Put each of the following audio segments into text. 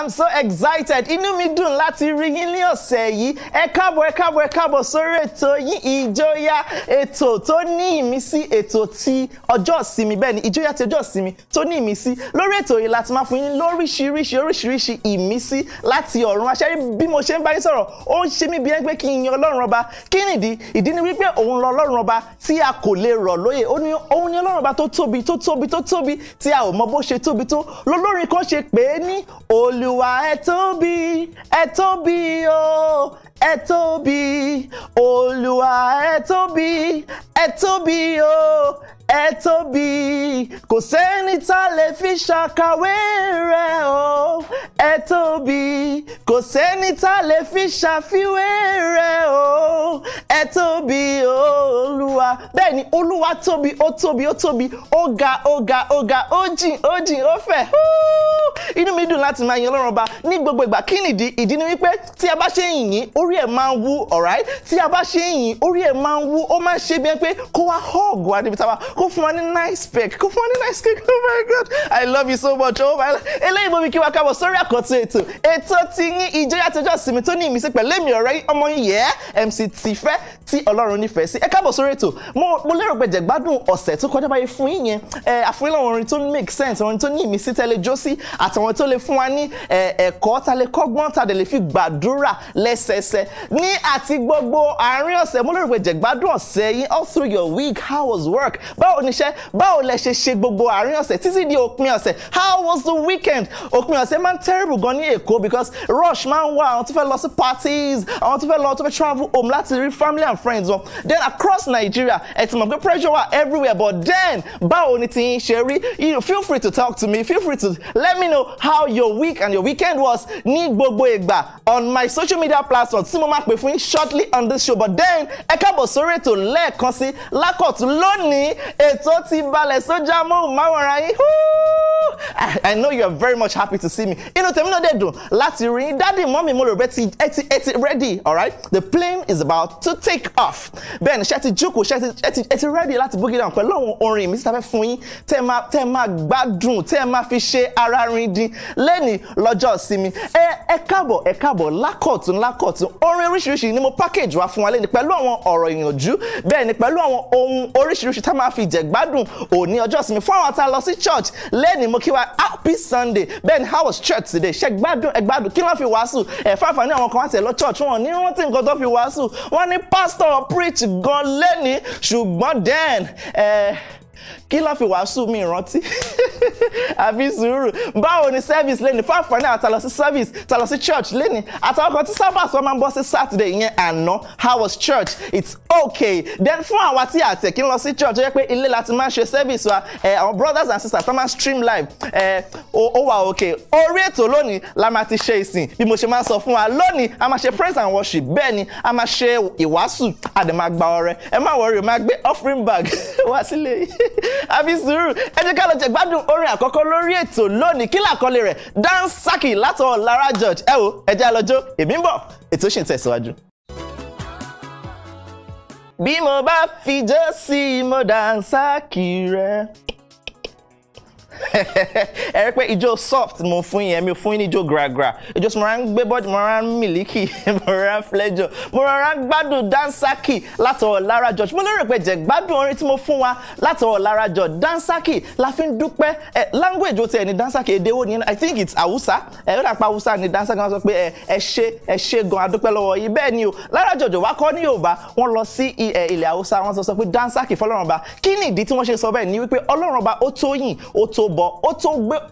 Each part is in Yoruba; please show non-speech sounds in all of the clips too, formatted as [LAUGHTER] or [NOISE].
i'm so excited inú mi dùn láti rí yín ní ọ̀sẹ̀ yìí ẹ káàbọ̀ ẹ káàbọ̀ ẹ káàbọ̀ sórí ètò yín ìjọyà ètò tó ní ìmísí ètò ti ọjọ́ ìsinmi bẹ́ẹ̀ ni ìjọyà ti ọjọ́ ìsinmi tó ní ìmísí lórí ètò yìí láti máa fún yín lóríṣiríṣi oríṣiríṣi ìmísí láti ọ̀run aṣẹ́rí bí mo ṣe ń bá yín sọ̀rọ̀ ó ń ṣe mí bí ẹni pé kí n yan ọlọ́run ọba kí nìdí ìdí ni wípé òun lọ ọlọ́run ọba tí a kò lè rọ̀ lóyè òun ni ọlọ́run ọba tó tóbi tó tóbi tó tóbi tí a ò mọ bó ṣe tóbi tó lólórin kan ṣe pé ní olú olúwa ẹ tóbi ẹ tóbi o ẹ tóbi olúwa ẹ tóbi ẹ tóbi o ẹ tóbi kò sẹ́ni tá lè fi ṣàkàwé rẹ̀ o ẹ tóbi kò sẹ́ni tá lè fi ṣàfiwé rẹ̀ o ẹ tóbi olúwa bẹ́ẹ̀ ni olúwa tóbi ó tóbi ó tóbi ó ga ó ga ó ga ó jìn ó jìn ó fẹ̀ inú mi dùn láti máa yin ọlọ́run ọba ní gbogbo ìgbà kí nìdí ìdí ni wípé tí a bá ṣe ń yìn orí ẹ̀ máa ń wú alright tí a bá ṣe ń yìn orí ẹ̀ máa ń wú ó máa ń ṣe bí ẹ pé kó wá hug wa níbi tá kó fún wa ní nice spec kó fún wa ní nice cake oh my god i love you so much oh my eléyìí mo fi kí wa kábọ̀ sórí àkọ́tún ètò ètò ti yín ìjọyà tẹjọ́ sinmi tó ní ìmísí pẹ̀lú èmi ọ̀rẹ́ ọmọ yẹ mc Tifẹ́ tí ọlọ́run nífẹ̀ẹ́ sí ẹ kábọ̀ sórí ètò mo lérò pé jẹ̀gbádùn ọ̀sẹ̀ tó kọjá báyìí fún yín yẹn àfúnilá orin tó make sense orin tó ní ìmísí tẹ́lẹ̀ jósí àtàwọn tó lè fún wa ní ẹ̀kọ́ ta lè kọ́gbọ́n ta dẹ̀ lè fi gbàdúrà lẹ́sẹsẹ ní àti gbogbo àárín ọ̀sẹ̀ mo lérò pé jẹ̀gbádùn ọ̀sẹ̀ yín all through your week how was work báwo báwo níṣẹ́ báwo lẹ ṣe ṣe gbogbo àárín ọ̀sẹ̀ títí di òpin ọ̀sẹ̀ how was the weekend òpin ọ̀sẹ̀ máa ń terrible gan ní Èkó because rush máa ń wá àwọn tó fẹ́ lọ sí parties àwọn tó fẹ́ lọ tó fẹ́ travel home láti rí family and friends wọn then across Nigeria ẹ ti mọ̀ pé pressure wà everywhere but then báwo ni ti ń ṣe rí you know, feel free to talk to me feel free to let me know how your week and your weekend was ní gbogbo ìgbà on my social media platform tí mo máa pè fún yín shortly on this show but then ẹ káàbọ̀ sórí ètò lẹ́ẹ̀kan sí lákọ̀tún lónìí ètò ti balẹ̀ sójà móhùnmáwòrán yín I know you are very much happy to see me. Inú tèmi náà dẹ̀ dùn láti rí yín. Dádì mọ́mì mo lò rẹ ti ẹ ti ẹ ti ready alright? The plane is about to take off. Bẹ́ẹ̀ni ṣe ti jókòó ṣe ti ẹ ti ẹ ti ready láti boogie down pẹ̀lú àwọn orin mi síta fẹ́ fún yín tẹ́ ẹ máa tẹ́ ẹ máa gbádùn tẹ́ ẹ máa fi ṣe ara rin dín lẹ́ni lọ́jọ́ ìsinmi. Ẹ ẹ káàbọ̀ ẹ káàbọ̀ lákọ̀tún lákọ̀tún orin oríṣiríṣi ni mo package wá fún wa lẹ́ni pẹ̀lú àwọn ọ̀rọ̀ ìyànjú bẹ́ẹ̀ni pẹ̀lú àwọn ohun oríṣiríṣi tá máa fi ìjẹ̀gbádùn òní ọjọ́ ìsinmi fún àwọn tá a lọ sí church lẹ́ni mo kí wa happy sunday bẹ́ẹ̀ how was church today ṣe gbádùn ẹ gbádùn kí wọ́n fi wàásù ẹ̀ fáfàní àwọn kan wá tẹ̀ lọ church wọn ní rántí nǹkan tó fi wàásù wọ́n ní pastor preach gan lẹ́ni ṣùgbọ́n then ẹ̀ kí ló fi wàásù mi rántí [LAUGHS] [LAUGHS] àbí sùúrù báwo ni service lẹ́nu fún àǹfààní àtàlọ́ sí service tàlọ́ sí church lẹ́nu àtàwọn kan tí sábàtì wọn máa ń bọ́ sí Saturday ìyẹn àná how was church it's okay then fún àwa tí àtẹ̀ kí n lọ sí church ó yẹ pé ilé láti máa ń ṣe service wa eh, àwọn brothers and sisters tó máa ń stream live eh, ó wà okay orí ètò lónìí la máa ti ṣe ìsìn bí mo ṣe máa sọ fún wa lónìí a máa ṣe praise and worship bẹ́ẹ̀ ni a máa ṣe ìwàásù a dẹ̀ máa gba ọrẹ ẹ má wọrí o máa gbé offering bag [LAUGHS] wá sílé yìí [LAUGHS] àbí sùúrù ẹ jẹ́ ká lọ jẹ gbádùn orin àkọ́kọ́ lórí ètò lónìí kí làkọlé rẹ̀ dansaki látọ̀ Lara George ẹ wo ẹ jẹ́ èmi ń bọ̀ ètò ṣì ń tẹ̀síwájú. bí mo bá fi jó sí mo dansaki rẹ ẹ rí pé ijó soft mo fún yẹn mi ò fún yín ní ijó gragra ijó tí mo rà ń gbé bọ́ọ̀dì mo rà ń mílíkì [LAUGHS] mo rà flẹ́jọ mo rà gbádùn dansaki látọwọ́ Lara George mo lérò pé jẹ́ gbádùn orin tí mo fún wa látọwọ́ Lara George dansaki la fi ń dúpẹ́ ẹ language o ti ẹ̀ ní dansaki èdè wo nìyẹn i think it's hausa ẹ yóò dàpọ̀ hausa ni dansaki wọn sọ pé ẹ ẹ ṣe ẹ ṣe gan adúpẹ́ lọ́wọ́ yìí bẹ́ẹ̀ ni o Lara George wá kọ́ ní Yorùbá wọ́n lọ sí ilẹ̀ hausa wọ́n sọ pé dansaki fọlọ́run ọba kí ni ìdí tí wọ́n ṣe sọ bẹ́ẹ̀ ni wípé ọlọ́run ọba ó tó yìn ó tó bọ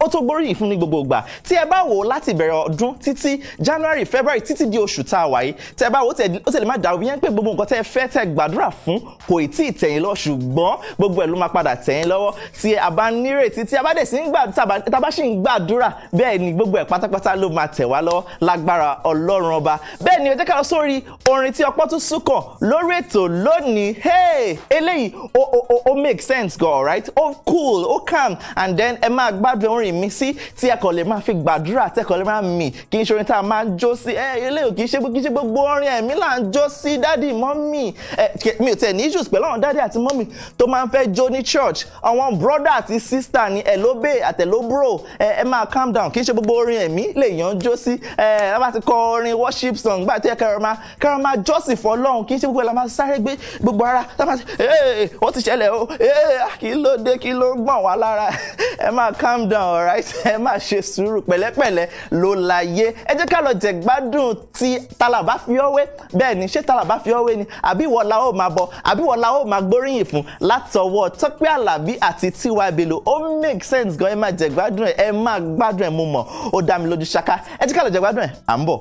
ó tó gbóríyìn fún ní gbogbo ìgbà tí ẹ bá wò ó láti ìbẹ̀rẹ̀ ọdún títí January February títí di oṣù tá a wà yìí tí ẹ bá wò ó tẹ̀lé má dà bí yẹn pé gbogbo nǹkan tẹ́ ẹ fẹ́ tẹ́ gbàdúrà fún kò ì tí ì tẹ̀yìn lọ ṣùgbọ́n gbogbo ẹ̀ ló máa padà tẹ̀yìn lọ́wọ́ tí a bá nírètí tí a bá dẹ̀ sí ń gbàdúrà tá a bá sì ń gbàdúrà bẹ́ẹ̀ ni gbogbo ẹ̀ pátápátá ló máa tẹ̀ wá lọ́wọ́ lágbára Ọlọ́run ọba bẹ́ẹ̀ ni ẹ jẹ́ ká lọ sórí orin tí ọpọ́ tún súnkàn lórí ètò lónìí hey eléyìí ó ó ó make sense gan alright ó cool ó calm and then then ẹ máa gbádùn orin mi sí tí ẹ kàn lè máa fi gbàdúrà tí kàn lè máa mì kì í ṣe orin tá a máa ń jó sí ẹ eléyìí kì í ṣe kì í ṣe gbogbo orin ẹ̀mí là ń jó sí dádì mọ́mì ẹ mi ò tẹ̀ ní issues pẹ̀lú àwọn dádì àti mọ́mì tó máa ń fẹ́ jó ní church àwọn brother àti sister ni ẹ ló bè àtẹ ló bro ẹ ẹ máa calm down kì í ṣe gbogbo orin ẹ̀mí lè yàn jó sí ẹ ẹ bá ti kọ orin worship song gbà tí ẹ kẹrọ máa kẹrọ máa jọ́sìn fọlọ́run kì í ṣe gbogbo ẹ la máa sáré gbé gbogbo ara tá a máa ṣe ee wọ́n ti ṣẹlẹ̀ o ee ah, kí ló dé kí ló gbọ̀n wá lára ẹ máa calm down alright [LAUGHS] ẹ máa ṣe sùúrù pẹ̀lẹ́pẹ̀lẹ́ ló láyé ẹ jẹ́ ká lọ jẹ̀gbádùn ti tàlàbá fi ọ́wé bẹ́ẹ̀ ni ṣé tàlàbá fi ọ́wé ni àbí ìwọ la ó máa bọ àbí ìwọ la ó máa gbóríyìn fún látọwọ́ Tọ́pẹ́ Àlàbí àti Tiwa Bello ó make sense gan ẹ máa jẹ̀gbádùn ẹ ẹ máa gbádùn ẹ mo mọ̀ ó dá mi lójú ṣáká ẹ jẹ́ ká lọ jẹ̀gbádùn ẹ à ń bọ̀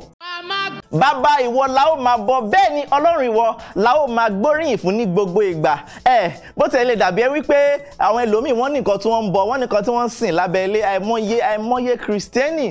bàbá ìwọ la ó máa bọ bẹ́ẹ̀ ni ọlọ́run ìwọ la ó máa gbóríyìn fún ní gbogbo ìgbà ẹ bó tẹ̀lé dàbí ẹ wípé àwọn ẹlòmíì wọ́n nìkan tí wọ́n ń bọ wọ́n nìkan tí wọ́n ń sìn lábẹ́ ilé àìmọye àìmọye kìrìsìtẹ́nì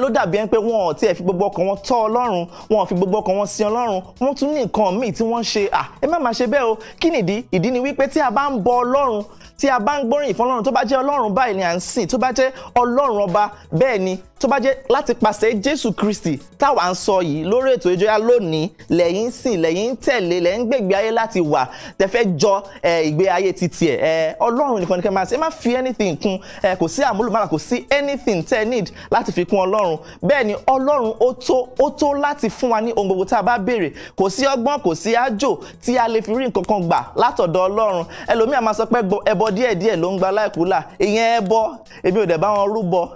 ló dàbí ẹni pé wọn ò tiẹ̀ fi gbogbo ọkàn wọn tọ́ ọlọ́run wọn ò fi gbogbo ọkàn wọn sin ọlọ́run wọ́n tún ní nǹkan míì tí wọ́n ń ṣe à ẹ má máa ṣe bẹ́ẹ̀ o kí nìdí ìdí ni wípé tí a bá ń bọ ọlọ́run tí a bá ń gbóríyìn fún ọlọ́run tó bá jẹ́ ọlọ́run báyìí ni à ń sìn tó bá jẹ́ ọlọ́run ọba bẹ́ẹ̀ ni tó bá jẹ́ láti pàṣẹ jésù kristi táwa ń sọ yìí lórí ètò ìjọyà lónìí lẹ́yìn sìn lẹ́yìn tẹ̀lé lẹ́yìn gbègbè ayé láti wà tẹ̀fẹ́ jọ ìgbé ayé titi ẹ̀ ọlọ́run nìkan ni kẹ́ máa ṣe má fi anything kun kò sí àmúlùmọ́lá kò sí anything tẹ́ need láti fi kún ọlọ́run bẹ́ẹ̀ ni ọlọ́run ó tó ó tó láti fún wa ní ohun gbogbo tá a bá béèrè kò sí ọgbọ́n kò sí àjò tí a lè fi rí nǹkan kan gbà látọ̀dọ̀ ọlọ́run ẹlòmíà máa sọ pé ẹbọ wọn díẹ̀díẹ̀ ló ń gba láìkúlà ìyẹn ẹbọ èmi ò dẹ̀ bá wọn rúbọ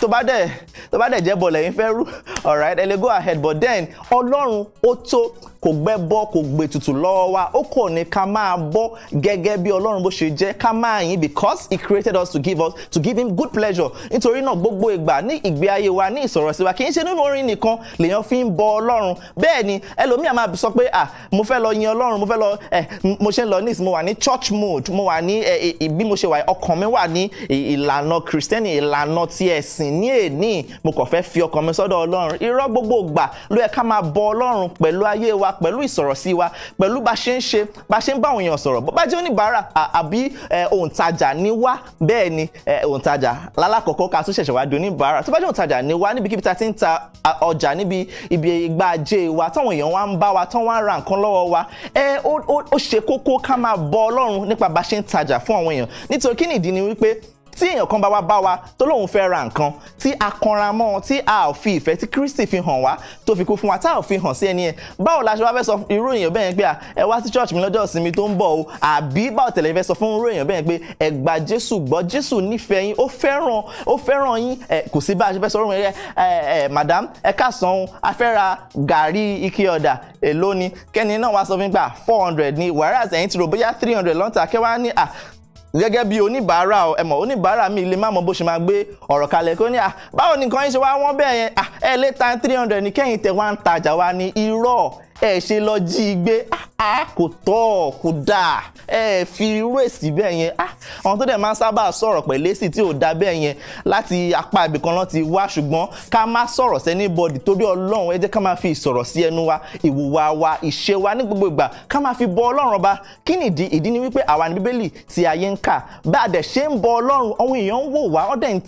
tó bá dẹ̀ tó bá dẹ̀ jẹ́ bọ̀ lẹ́yìn fẹ́ rú alright ẹ lè go ahead but then ọlọ́run ó tó kò gbẹ́ bọ́ kò gbé tutù lọ́wọ́ wa ó kò ní ká máa bọ́ gẹ́gẹ́ bí ọlọ́run bó ṣe jẹ́ ká máa yìn because he created us to give us to give him good pleasure nítorí náà gbogbo ìgbà ní ìgbé ayé wa ní ìsọ̀rọ̀ sí wa kì í ṣe nínú orin nìkan lèèyàn fi ń bọ ọlọ́run bẹ́ẹ̀ ni ẹlòmíà máa sọ pé ah mo fẹ́ lọ yin ọlọ́run mo fẹ́ lọ ẹ mo ṣe ń lọ ní mo wà ní church mode mo wà ní ẹ bí mo ṣe wà ọkàn mi wà ní ìlànà kìrìsìtẹ́nì ìlànà ti ẹ̀sìn ní èní mo kàn fẹ́ fi ọkàn mi sọ́dọ̀ ọlọ́run irọ́ gbogbo gbà ló yẹ ká máa bọ ọlọ́run pẹ̀lú ayé wa pẹ̀lú ìsọ̀rọ̀sí wa pẹ̀lú bá ṣe ń ṣe bá ṣe ń bá àwọn èèyàn sọ̀rọ̀ bó bá jẹ́ oníbàárà àbí òǹtajà ni wá bẹ́ẹ̀ ni òǹtajà lálákọ̀ọ́kọ́ ká tún ṣẹ̀ṣẹ̀ wá di oníbàárà tó bá jẹ́ òǹtajà ni wá ibi ìgbà ajé wa táwọn èèyàn wá ń bá wa tán wá ń ra nǹkan lọ́wọ́ wa ó ṣe kókó fún àwọn èèyàn nítorí kí nìdí ni wípé tí èèyàn kan bá wá bá wa tó lóun fẹ́ ra nǹkan tí a kanra mọ́ tí a ò fi ìfẹ́ tí Kristi fi hàn wá tó fi kú fún wa tá ò fi hàn sí ẹni yẹn báwo la ṣe wá fẹ́ sọ irú èèyàn bẹ́ẹ̀ pé ẹ wá sí church mi lọ́jọ́ ìsinmi tó ń bọ̀ o àbí báwo tẹ̀lé fẹ́ sọ fún irú èèyàn bẹ́ẹ̀ pé ẹ gba Jésù gbọ́ Jésù nífẹ̀ẹ́ yín ó fẹ́ràn ó fẹ́ràn yín kò sí bá a ṣe fẹ́ sọ orun ẹ ẹ madam ẹ káàsán o a fẹ́ ra gàrí ike ọ̀dà èló ni kẹ́ni náà wá sọ fún gbà four hundred ni whereas ẹ̀yin ti rò bóyá three hundred lọ́ntà kẹ́wàá ní à gẹ́gẹ́ bí oníbàárà ẹ mọ̀ oníbàárà mi lè má mọ bó ṣe máa gbé ọ̀rọ̀ kalẹ̀ kó ní à báwo nìkan yín ṣe wá wọ́n bẹ́ẹ̀ yẹn à ẹ lè ta three hundred ní kẹ́yìn tẹ̀ wá ń tajà wá ní irọ́ ẹ ṣe lọ jí i gbé ah, ah, kò tọ́ kò dáa ẹ fi irú èsì bẹ́ẹ̀ yẹn ah, àwọn tó dẹ̀ máa ń sábà sọ̀rọ̀ pẹ̀lú èsì tí ò dáa bẹ́ẹ̀ yẹn láti apá ibìkan láti wá ṣùgbọ́n ká má sọ̀rọ̀ sẹ́ni bọ́dì torí ọlọ́run ẹ jẹ́ ká máa fi ìsọ̀rọ̀ sí ẹnu wa ìwùwà wa ìṣe wa ní gbogbo ìgbà ká máa fi bọ ọlọ́run ọba kí nìdí ìdí ni wípé àwa ní bíbélì tí ayé ń kà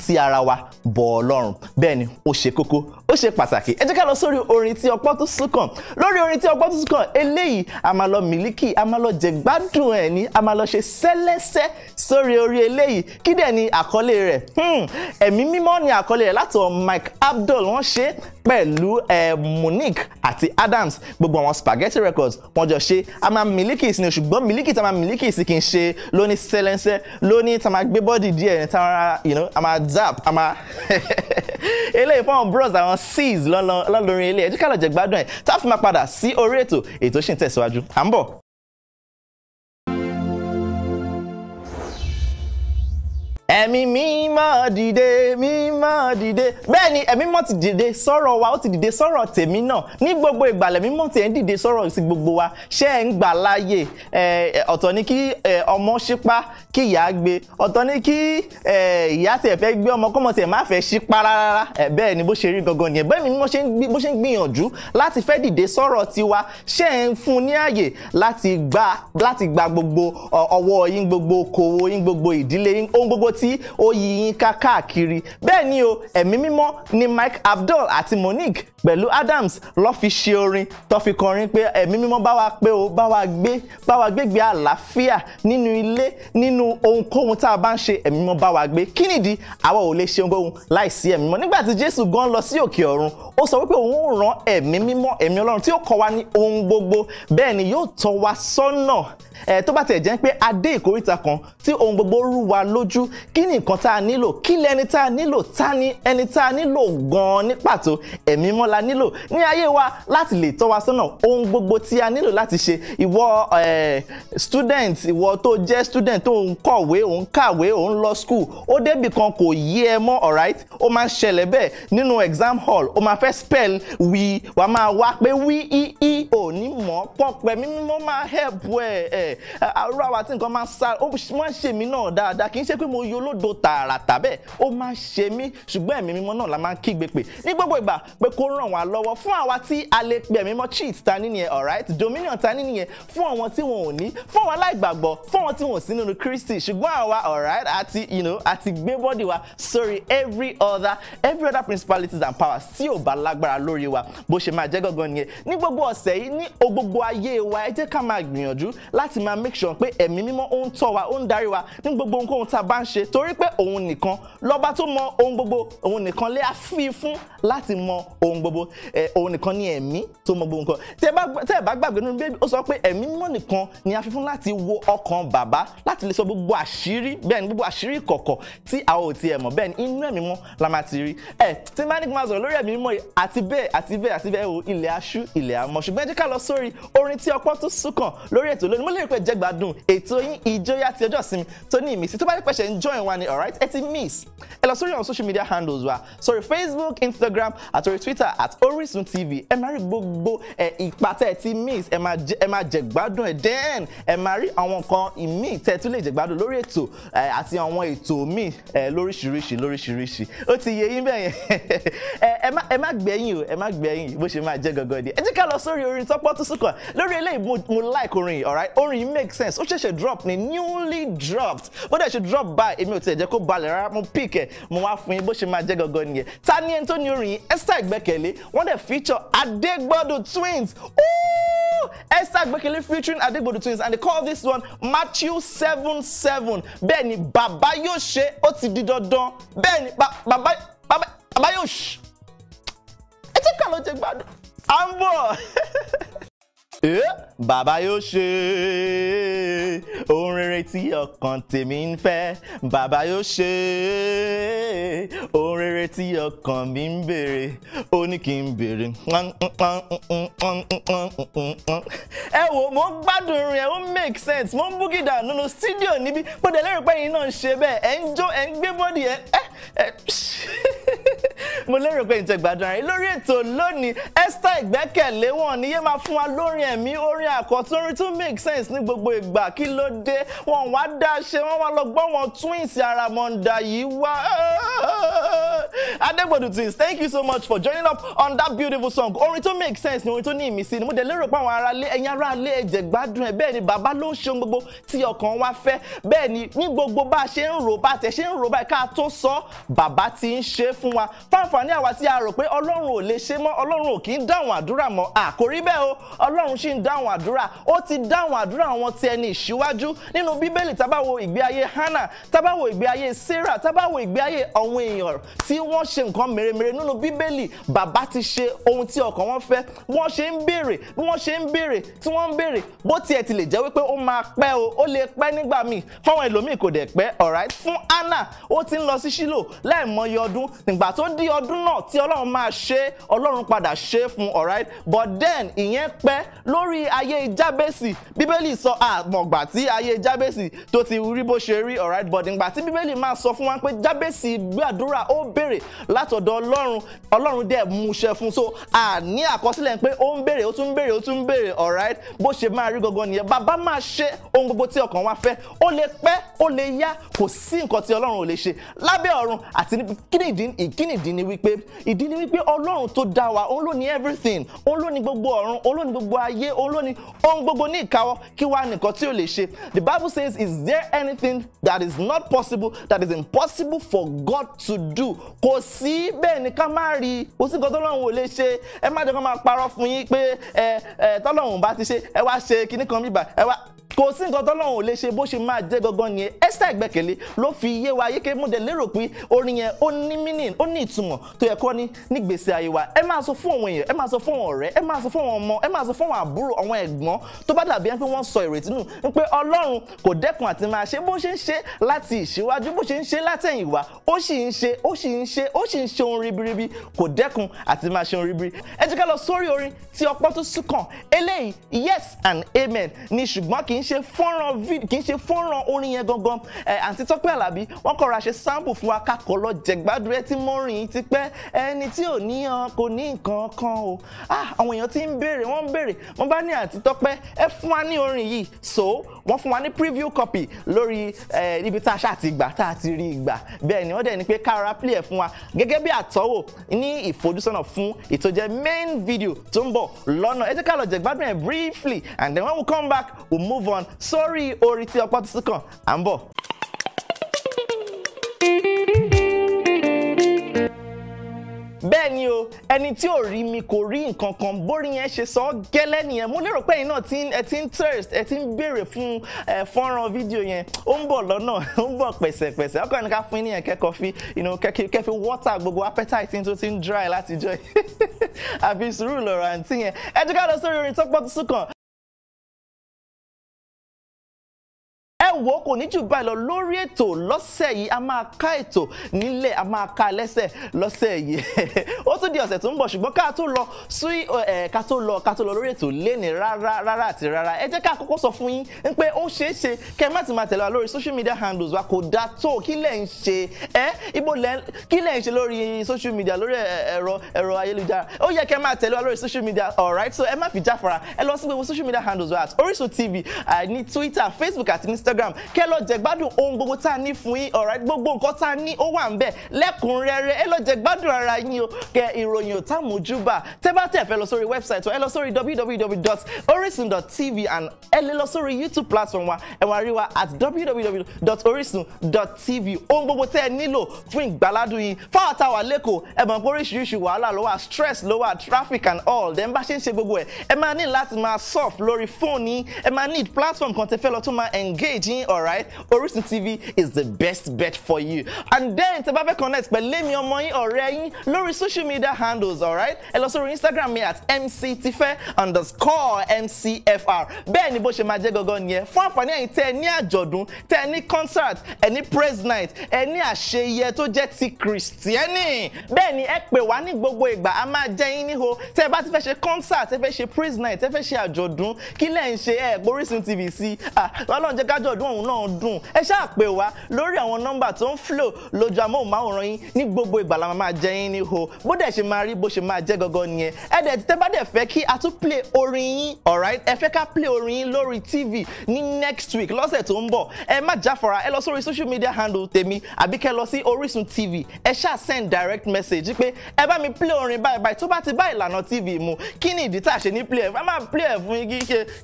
ti ara wa bọ ọlọ́run bẹ́ẹ̀ ni tí ọgbọ́n tuntun kan eléyìí a máa lọ mílíkì a máa lọ jẹ gbádùn ẹ̀ ní a máa lọ ṣe sẹ́lẹ́sẹ́ sórí orí eléyìí kí dẹ̀ ni àkọlé rẹ̀ hmm, ẹ̀mí mímọ́ ni àkọlé rẹ̀ látọ̀ Mike Abdul wọ́n ṣe pẹ̀lú eh, Monique àti Adams gbogbo àwọn Spaghetti Records wọ́n jọ ṣe a máa Miliki sí ni ṣùgbọ́n Miliki tí a máa Miliki sí kì í ṣe lóní sẹ́lẹ́nsẹ́ lóní tí a máa gbé bọ́ọ̀dì díẹ̀ ní tara you know, a máa zap a máa [LAUGHS] eléyìí fún àwọn bros àwọn seas lọ́lọ́rin eléyìí ẹ̀jú kálọ̀ jẹ̀ gbádùn ẹ̀ tá a fi máa padà sí orí ètò ètò ṣì ń tẹ̀síwájú à ń bọ̀. ẹ̀mí mímọ́ dìde mímọ́ dìde bẹ́ẹ̀ ni ẹ̀mí mímọ́ ti dìde sọ̀rọ̀ wa ó ti dìde sọ̀rọ̀ tèmi náà ní gbogbo ìgbàlẹ̀ mímọ́ tiẹ̀ ń dìde sọ̀rọ̀ sí gbogbo wa ṣé ẹ̀ ń gbà láàyè ọ̀tọ̀ ni kí ọmọ ṣípá kí ìyá gbé ọ̀tọ̀ ni kí ìyá tiẹ̀ fẹ́ gbé ọmọ kọ́mọ tiẹ̀ má fẹ́ ṣípá rárá bẹ́ẹ̀ ni bó ṣe rí gangan nìyẹn bẹ́ẹ̀ ni mímọ́ bó ṣe ń gbìyànjú láti fẹ́ dìde sọ̀rọ̀ tiwa ṣé ẹ̀ ń fún ní àyè láti gba gbogbo ọwọ́ yín gbogbo okòwò yín gbogbo ìdílé yín ohun gbogbo tí ó yí yín ká káàkiri bẹ́ẹ̀ ni o ẹ̀mí mímọ́ ni Mike Abdul àti Monique pẹ̀lú Adams ló fi ṣe orin tó fi kọrin pé ẹ̀mí mímọ́ bá wa pé o bá wa gbé bá wa gbégbé àlàáfíà nínú ilé nínú ohunkóhun tá a bá ń ṣe ẹ̀mí mímọ́ bá wa gbé kí nìdí àwa ò lè ṣe ohunkóhun láìsí ẹ̀mí mímọ́ nígbà tí Jésù gan lọ sí òkè ọ̀run ó sọ wípé òun ò rán ẹ̀mí mímọ́ ẹ̀mí Ọlọ́run tí ó kọ́ wa ní ohun gbogbo bẹ́ẹ̀ ni yóò tọ́ wa sọ́nà ẹ̀ tó bá tiẹ̀ jẹ́ pé adé ìkórìtà kan tí ohun gbogbo rú wa lójú kí ni nǹkan tá a nílò kí lẹni tá a nílò ta ni ẹni tá a nílò gan-an ní pàtó ẹ̀mí mọ́ la nílò ní ayé wa láti lè tọ́ wa sọ́nà ohun gbogbo tí a nílò láti ṣe ìwọ student ìwọ tó jẹ́ student tó ń kọ̀wé ò ń kàwé ò ń lọ school ó débì kan kò yé ẹ mọ́ alright ó máa ń ṣẹlẹ̀ bẹ́ẹ̀ nínú exam hall ó máa fẹ́ spell wí wàá máa wá pé wí í í ò ní mọ̀ pọ̀pẹ́ mímọ́ máa help ẹ ẹ àrùn àwa tí nǹkan máa ń sá ó máa ń ṣèmí náà dáadáa kì í ṣe pé mo y iye olódo tààràtà bẹ́ẹ̀ ó máa ṣe mí ṣùgbọ́n ẹ̀mí mímọ́ náà la máa ń kígbe pè ní gbogbo ìgbà pé kó ràn wá lọ́wọ́ fún àwa tí a lè pe ẹ̀mí cheat ta ní nìyẹn alright dominion ta ní nìyẹn fún àwọn tí wọn ò ní fún àwọn aláìgbàgbọ́ fún àwọn tí wọn ò sí nínú Kristi ṣùgbọ́n àwa alright àti you know àti gbé bọ́dì wa Sorry, every other every other principalities and powers tí ò bá lágbára lórí wa bó ṣe máa jẹ́ gangan nìyẹn ní gbogbo ọ̀sẹ̀ yìí wa ẹ jẹ́ ká make sure pé ẹ̀mí mímọ́ ó wa ó ń wa ní gbogbo ohunkóhun tá ṣe torí pé òun nìkan lọ́ba tó mọ ohun gbogbo òun nìkan lé àfi fún láti mọ ohun gbogbo òun nìkan ni ẹ̀mí tó mọ gbogbo nǹkan tẹ́ ẹ bá gbàgbé nínú bébí ó sọ pé ẹ̀mí mọ́ nìkan ni a fi láti wo ọkàn bàbá láti lè sọ gbogbo àṣírí bẹ́ẹ̀ ni gbogbo àṣírí kọ̀kọ̀ tí a ò tiẹ̀ mọ̀ bẹ́ẹ̀ ni inú ẹ̀mí mọ́ la máa ti rí ẹ̀ tí má ní kí n máa sọ̀rọ̀ lórí ẹ̀mí mọ́ àti bẹ́ẹ̀ àti bẹ́ẹ̀ àti bẹ́ẹ̀ o ilẹ̀ aṣú ilẹ̀ amọ̀ ṣùgbọ́n jẹ́ ká lọ sórí orin tí ọpọ́ tó súnkàn lórí ètò lónìí mo lérò pé jẹ́gbádùn ètò yín ìjóyà ti ọjọ́ ìsinmi tó ní ìmísí tó bá ní pẹ̀ṣẹ̀ ń jọ join wa ni alright ẹ ti miss ẹ lọ sórí social media handles wa Sorry, facebook instagram at orí twitter at orisun tv ẹ máa rí gbogbo ẹ ipa tẹ miss ẹ máa jẹ ẹ máa then ẹ máa rí call, nǹkan ìmíì tẹ ẹ tún lè jẹ gbádùn lórí ètò ẹ àti àwọn ètò míì ẹ lóríṣiríṣi lóríṣiríṣi ó ti yé yín bẹ́ẹ̀ yẹn [LAUGHS] ẹ má ẹ má gbẹ̀yìn o ẹ má gbẹ̀yìn bó ṣe máa jẹ́ gangan ni like orin yìí alright orin yìí sense ó ṣẹ̀ṣẹ̀ drop ni newly dropped bó I should drop by èmi ò tiẹ̀ jẹ́ kó balẹ̀ rárá mo pick ẹ̀ mo wá fún yín bó ṣe máa jẹ́ gangan nìyẹn ta ni ẹni tó ní orin yìí Esther Ìgbẹ́kẹ̀lé wọ́n dẹ̀ feature Adégbọ́dù twins Esther Ìgbẹ́kẹ̀lé featuring Adégbọ́dù twins and they call this one Matthew seven seven bẹ́ẹ̀ ni bàbá yóò ṣe ó ti di dandan bẹ́ẹ̀ ni bàbá bàbá yóò ṣe ẹ ti kà ló jẹ gbádùn à ń bọ̀. [LAUGHS] bàbá yóò ṣe ohun rere tí ọkàn tèmi ń fẹ́ bàbá yóò ṣe ohun rere tí ọkàn mi ń béèrè ó ní kí n béèrè. ẹ wo mo ń gbádùn orin ẹ ó make sense mo ń búgìdà nínú studio níbí bó dẹ̀ lérò pé ẹ̀yin náà ń ṣe bẹ́ẹ̀ ẹ̀ ń jó ẹ̀ ń gbé bọ́dì ẹ̀ ẹ̀ ẹ̀ mo lérò pé ìjọ ìgbádùn ara lórí ètò lónìí Esther Ìgbẹ́kẹ̀lé wọn ni yé máa fún wa lórin ẹ̀mí orin àkọ́tún orin tún make sense ní gbogbo ìgbà kí ló dé wọn wá dá ṣe wọn wá lọ gbọ́ wọn twins àràmọ̀ǹdà yìí wá. Adegbodu twins thank you so much for joining up on that beautiful song orin tó make sense ni orin tó ní ìmísí ni mo dẹ̀ lérò pé àwọn aráalé ẹ̀yin aráalé ẹ̀jẹ̀ gbádùn ẹ̀ bẹ́ẹ̀ ni bàbá ló ń ṣe ohun gbogbo tí ọkàn wa fẹ́ bẹ́ẹ̀ ni ní gbogbo bá a ṣe ń rò bá a tẹ̀ ṣe ń rò báyìí ká tó sọ bàbá ti ń ṣe fún wa fáf àǹfààní àwa tí a rò pé ọlọ́run ò lè ṣe mọ́ ọlọ́run ò kì í dáhùn àdúrà mọ́ àkórí bẹ́ẹ̀ o ọlọ́run sì ń dáhùn àdúrà ó ti dáhùn àdúrà wọn ti ẹni ìṣíwájú nínú bíbélì tá bá wo ìgbé ayé hannah tá bá wo ìgbé ayé sarah tá bá wo ìgbé ayé àwọn èèyàn tí wọ́n ṣe nǹkan mèremère nínú bíbélì bàbá ti ṣe ohun tí ọkàn wọn fẹ́ wọ́n ṣe ń béèrè bí wọ́n ṣe ń béèrè tí wọ́n ń béèrè bó tiẹ̀ ti lè jẹ́ wípé ó máa pẹ́ o ó lè pẹ́ nígbà míì fáwọn ẹlòmíì kò dẹ̀ pẹ́ alright fún hannah ó ti ń lọ sí Ṣílò ọdún náà tí ọlọ́run máa ṣe ọlọ́run padà ṣe fún alright but then ìyẹn pẹ́ lórí ayé jábẹ́sì bíbélì sọ àmọ̀gbà tí ayé jábẹ́sì tó ti rí bó ṣe rí alright but ìgbà tí bíbélì máa sọ fún wa pé jábẹ́sì gbàdúrà ó béèrè látọ̀dọ̀ ọlọ́run ọlọ́run dẹ̀ mú ṣe fún so àní àkọsílẹ̀ pé ó ń béèrè ó tún ń béèrè ó tún ń béèrè alright bó ṣe máa rí gangan nìyẹn bàbá máa ṣe ohun gbogbo tí ọkàn wa fẹ́ ó lè pẹ́ ó lè yá kò sí nǹkan tí ọlọ́run ò lè ṣe lábẹ́ ọ̀run àti kínídìí kínídìí ni wí wípé ìdí ni wípé ọlọ́run tó dá wa òun ló ní everything òun ló ní gbogbo ọ̀run òun ló ní gbogbo ayé òun ló ní ohun gbogbo ní ìkáwọ́ kí wá nìkan tí ò lè ṣe the bible says is there anything that is not possible that is impossible for God to do kò sí bẹ́ẹ̀ ni ká má rí kò sí nǹkan tọ́lọ́run ò lè ṣe ẹ má jẹ́ kó máa parọ́ fún yín pé ẹ ẹ tọ́lọ́run bá ti ṣe ẹ wá ṣe kinní kan bíbà ẹ wá kò sí nǹkan tọ́lọ́run ò lè ṣe bó ṣe máa jẹ́ gangan yẹn Esther Ìgbẹ́kẹ̀lé ló fi yé wa yéké mo dẹ̀ lérò pé orin yẹn ó ní meaning ó ní ìtumọ̀ tó yẹ kó ní nígbèsè ayé wa ẹ máa sọ fún àwọn èèyàn ẹ máa sọ fún àwọn ọ̀rẹ́ ẹ máa sọ fún àwọn ọmọ ẹ máa sọ fún àwọn àbúrò àwọn ẹ̀gbọ́n tó bá dàbí ẹni pé wọ́n sọ ìrètí nù ń pé Ọlọ́run kò dẹ́kun àti máa ṣe bó ṣe ń yes and amen ni ṣùgbọ́n ṣe fọ́nrán kì í ṣe fọ́nrán orin yẹn gangan àǹtí tọ́pẹ́ àlàbí wọ́n kọ́ra ṣe sample fún wa kakọ̀ lọ jẹ̀gbádùrẹ́ tí mọ́rin ti pẹ́ ẹni tí ò ní hàn kò ní nǹkan kan o ah, àwọn èèyàn ti ń béèrè wọ́n ń béèrè wọ́n bá ní àǹtí tọ́pẹ́ ẹ fún wa ní orin yìí so wọ́n fún wa ní preview copy lórí níbi tá a ṣáà ti gbà tá a ti rí ìgbà bẹ́ẹ̀ ni wọ́n dẹ̀ ní pé kára play ẹ̀ fún wa gẹ́gẹ́ bí àtọ́wò ní ìfojúsọ́nà fún ìtọ́jẹ́ main video tó ń bọ̀ lọ́nà ẹ jẹ́ ká lọ jẹ̀gbádùn ẹ̀ briefly and then when we come back we we'll move on one sorry orí tí ọpọ́ tuntun kàn à ń bọ̀. bẹ́ẹ̀ ni o ẹni tí ò rí mi kò rí nǹkan kan bórí yẹn ṣe sọ ọ́ nìyẹn mo lérò pé ẹ̀yin náà ẹ ti ń thirst ẹ ti ń béèrè fún ẹ fọ́nrán fídíò yẹn ó ń bọ̀ lọ́nà ó ń bọ̀ pẹ̀sẹ̀pẹ̀sẹ̀ ọkọ ẹni ká fún yín nìyẹn kẹ́kọ̀ọ́ fi kẹ́fi water gbogbo appetite tó ti ń dry látijọ́ [LAUGHS] àfi sùúrù lọ́rọ̀ àǹtí yẹn ẹ jẹ́ ká lọ sórí orin tó pọ̀ tó sùn kàn. ẹ wò ó kò ní jù báyìí lọ lórí ètò lọ́sẹ̀ yìí a máa ká ètò nílẹ̀ a máa ká lẹ́sẹ̀ lọ́sẹ̀ yìí [LAUGHS] ó tún di ọ̀sẹ̀ tó ń bọ̀ ṣùgbọ́n ká tó lọ sí ká tó lọ ká tó lọ lórí ètò léni rárá rárá àti rárá ẹ jẹ́ ká kọ́kọ́ sọ fún yín pé ó ṣeé ṣe kẹ́ má ti máa tẹ̀lé wa lórí social media handles wa kò dá tó kí lẹ̀ ń ṣe ẹ́ ibo lẹ̀ kí lẹ̀ ń ṣe lórí social media lórí ẹ̀rọ ẹ̀rọ ayélujára ó yẹ kẹ́ máa social media alright so ẹ má fi social media handles wa at Orisun TV eh, ní Twitter Facebook àti Instagram Instagram kẹ́ lọ jẹ gbádùn ohun gbogbo tá a ní fún yín ọ̀rá gbogbo nǹkan tá a ní ó wà ń bẹ̀ lẹ́kùnrẹ́rẹ́ ẹ lọ jẹ gbádùn ara yín o kẹ ìròyìn òtàmójúbà tẹ́ bá tẹ̀ fẹ́ lọ sórí wẹ́bsáìtì ẹ lọ sórí www.orisun.tv and ẹ lè lọ sórí YouTube platform wa ẹ wá rí wa at www.orisun.tv ohun gbogbo tẹ́ ẹ nílò fún ìgbàládùn yín fáwọn táwa lẹ́kọ̀ọ́ ẹ mọ̀ pé oríṣiríṣi wàhálà ló wà stress ló wà traffic and all then bá ṣe ń ṣe gbogbo ẹ̀ ẹ máa ní láti máa surf lórí fóònù yín ẹ máa need platform kan tẹ́ fẹ́ lọ tó máa engage All right, Orisun TV is the best bet for you and then to bá fẹ́ connect pẹ̀lú èmi ọmọ yín ọ̀rẹ́ yín lórí social media handles alright ẹ lọ sórí Instagram me at mctife underscore mcfr bẹ́ẹ̀ ni bó ṣe máa jẹ́ gangan nìyẹn fún àǹfààní ẹ̀yin tẹ́ ẹ ní àjọ̀dún concert any ní praise night any ní àṣeyẹ tó jẹ́ ti kìrìsìtẹ́nì bẹ́ẹ̀ ni ẹ pè wá ní gbogbo ìgbà a máa jẹ́ yín ního tẹ́ ẹ bá concert ẹ fẹ́ ṣe praise night ẹ fẹ́ a jodun, kí lẹ́ ń ṣe ẹ̀ Orísun TV Ah, ọlọ́run jẹ́ kájọ ọdún ọ̀hún náà dùn ẹ ṣáà pè wá lórí àwọn nọ́mbà tó ń flow lójú amóhùnmáwòrán yín ní gbogbo ìgbà máa jẹ yín ní ho bó dẹ̀ ṣe máa rí bó ṣe máa jẹ́ gangan nìyẹn ẹ dẹ̀ ti tẹ́ bá dẹ̀ fẹ́ kí a tún play orin yín alright ẹ fẹ́ ká play orin yín lórí tv ní next week lọ́sẹ̀ tó ń bọ̀ ẹ má jáfara ẹ lọ sórí social media handle tèmi àbí kẹ́ lọ sí Orísun TV ẹ ṣáà send direct message pé ẹ bá mi play orin báyìí báyìí tó bá ti bá ìlànà tv mu kí ni ìdí tá a ṣe ní play ẹ má play ẹ fún yín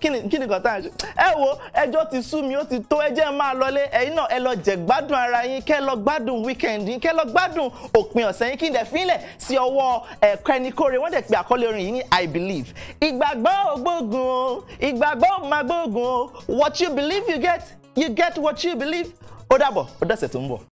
kí ni kí ni kan tá a ṣe ẹ wo ẹjọ́ ti sú mi ó ti ti tó ẹ máa lọlé ẹ̀yin náà ẹ lọ jẹ̀ gbádùn ara yín kẹ́ lọ gbádùn weekend yín kẹ́ lọ gbádùn òpin ọ̀sẹ̀ yín kí n dẹ̀ fi ń lẹ̀ sí ọwọ́ Kenny Kore wọ́n dẹ̀ pe àkọlé orin yìí ní I believe. ìgbàgbọ́ ògbógun o ìgbàgbọ́ òmàgbógun o what you believe you get you get what you believe ó dàbọ̀ ó dọ̀sẹ̀ tó ń bọ̀.